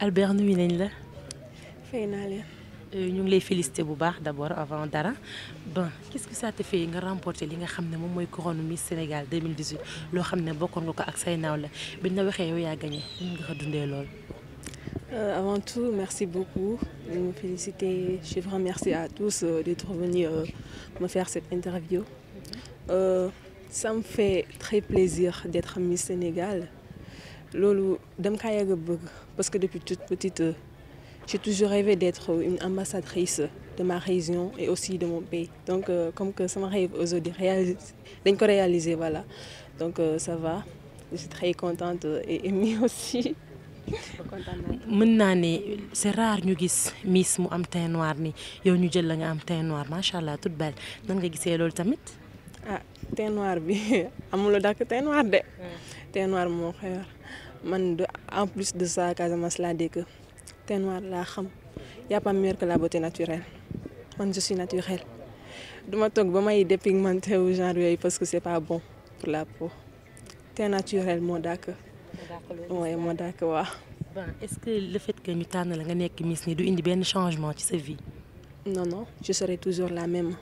Albert nuyu nañ la. fay naa leen. Euh, ñu ngi lay félicité bu baax d' abord avant dara bon qu' est ce que ça nga remporté li nga xam ne moom mooy couronne Miss Sénégal 2018 loo xam ne bokkoon nga ko ak say naaw la biñ la waxee yow yaa gagné ñu nga ko dundee lool. Euh, avant tout merci beaucoup de me féliciter je vous à tous euh, d'être venus me faire cette interview euh, ça fait très plaisir d'être Miss Sénégal. loolu dama ka yàgg a bëgg parce que depuis toute petite euh, j'ai toujours rêvé d'être une ambassadrice de ma région et aussi de mon pays donc euh, comme que sama rêve aujourd'hui réalise dañ ko réaliser voilà donc euh, ça va je suis très contente et émue aussi. mën naa ne c'est rare ñu gis Miss mu am teint noir ni yow ñu jël la nga am teint noir macha allah toute belle nan nga gisee loolu tamit. ah thé noir bi amul lu dakk thé noir de. Hmm. thé noir moo ko man de en plus de ça Casamance laa dégg thé noir laa xam y a pas mieux que la beauté naturelle man je suis naturelle duma toog ba may dépigmenté wu genre yooyu parce que c'est pas bon pour la peau thé naturel moo dakk. waaye moo dakk waaw. est-ce que le fait que ñu tànn la nga nekk Miss ni du indi benn changement ci sa vie. non non je serai toujours la même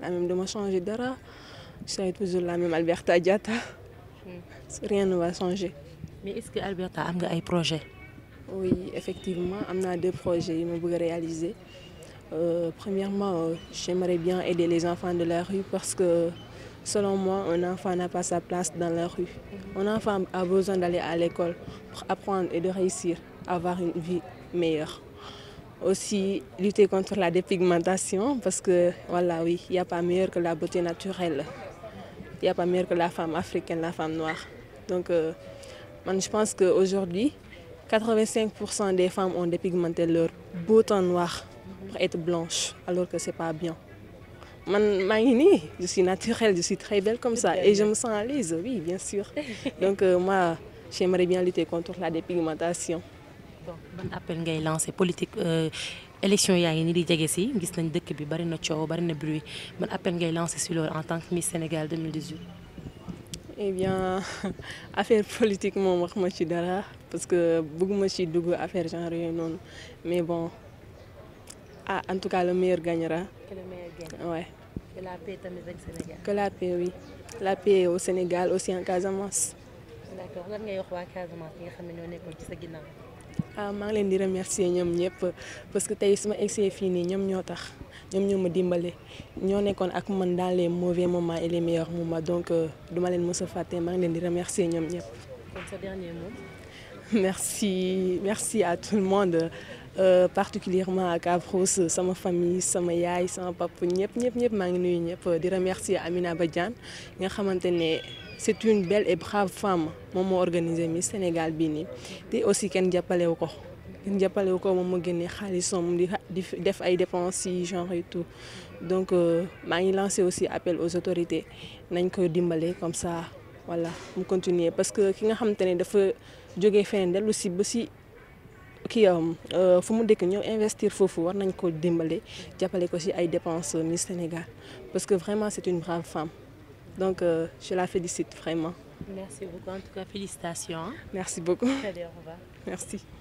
la même duma changer dara. C'est toujours la même Alberta Diatta. Hmm. Rien ne va changer. Mais est-ce que Alberta am nga ay projet Oui, effectivement am naa deux projets yi ma bëgg a réaliser euh, premièrement euh, j'aimerais bien aider les enfants de la rue parce que selon moi un enfant n'a pas sa place dans la rue. Mm-hmm. Un enfant a besoin d'aller à l'école pour apprendre et de réussir, avoir une vie meilleure. Aussi lutter contre la dépigmentation parce que voilà, oui, il n'y a pas meilleur que la beauté naturelle. y n'y a pas meilleur que la femme africaine, la femme noire. Donc, euh, je pense que 85% des femmes ont dépigmenté leur beau temps noir pour être blanche, alors que ce n'est pas bien. je suis naturelle, je suis très belle comme ça et je me sens à l'aise, oui, bien sûr. Donc, euh, moi, j'aimerais bien lutter contre la dépigmentation. donc ban appel ngay lancé politique euh, élection yaa ngi ni di jege si gis nañ dëkk bi barina coow bari na bruit ban appel ngay lancé si loolu en tant que Miss Sénégal 2018. eh bien affaire politique moom wax ma ci dara parce que bëgguma ci dugg affaire genre yooyu noonu mais bon ah en tout cas le meilleur gagnera. que le meilleur la paix tamit rek Sénégal. que la paix au Sénégal aussi en Casamance. lan ngay wax waa Casamance yi nga xam ne ñoo nekkoon ci sa ginnaaw. ah maa ngi leen di remercier ñoom ñëpp parce que tey su ma egsee fii nii ñoom ñoo tax ñoom ñoo ma dimbale ñoo nekkoon ak man dans les mauvais moments et les meilleurs moments donc euh, duma leen mës a fàtte maa ngi leen di remercier ñoom ñëpp. kon sa dernier mot. merci merci à tout le monde. Euh, particulièrement ak Afros sama famille sama yaay sama papa ñëpp ñëpp ñëpp maa ngi nuyu ñëpp di remercier Amina Badiane nga xamante ne c'est une belle et brave femme moom moo organisé Miss Sénégal bii nii te aussi kenn jàppalewu ko kenn jàppalewu ko moom moo génnee xaalisom di def ay dépenses yi genre et tout donc euh, maa ngi lancé aussi appel aux autorités nañ ko dimbale comme ça voilà mu continuer parce que ki nga xamante ne dafa jógee feneen dellu si ba si kii euh, euh, fu mu dëkk ñëw investir foofu war nañ ko dimbale jàppale ko si ay dépenses Miss Sénégal parce que vraiment c'est une brave femme donc euh, la félicite vraiment. merci beaucoup en tout cas félicitations. merci beaucoup. Allez,